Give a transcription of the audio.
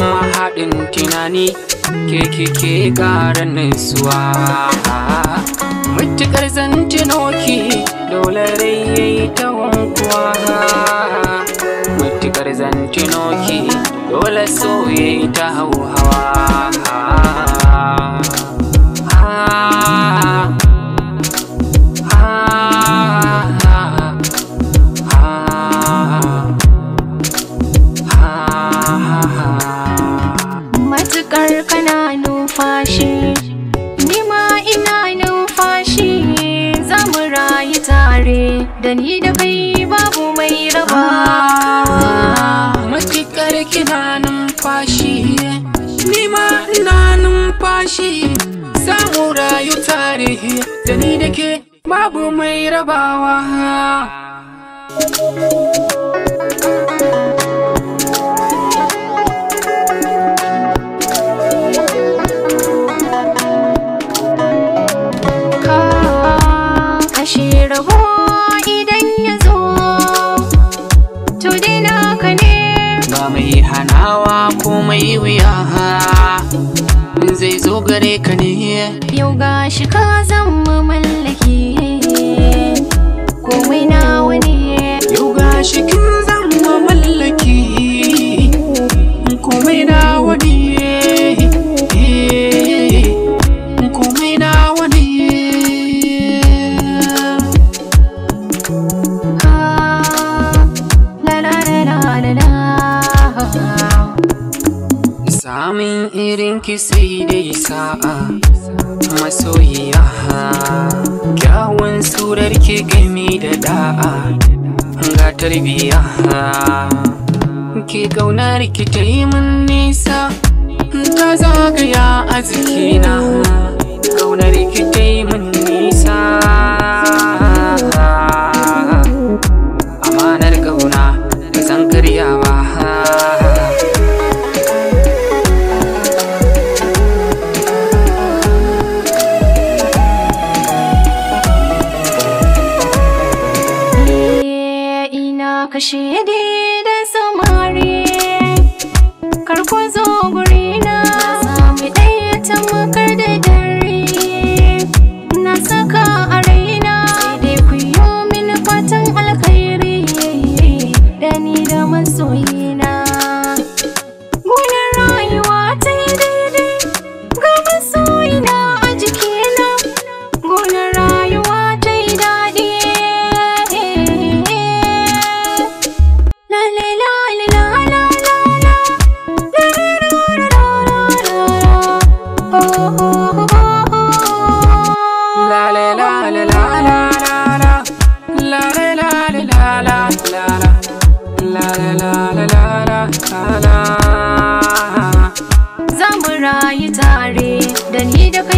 mahaɗin tunani ke ke ke ƙara nutsuwa mutuƙar zantinoki dole rai yayi ta mutukar mutuƙar zantinoki dole so ta hauhawa kare da ni da bai babu mai raba matukar kina numfashi ni ma ina numfashi samu rayu tarihi da ni da ke babu mai rabawa rabo idan ya zo to dai naka ne ba mai hanawa ko mai wuya zai zo gare ka ne yau gashi ka zama mallaki komai na wani yau gashi kin zama mallaki komai na wani Samun irin ki da dai sa'a masoyiya Kyawun surar ki gami da da'a ga tarbiya Ki kaunar ki ta yi mun nisa ta zagaya a jikina আকশে দিয়ে Za mu rayu tare da ni da kai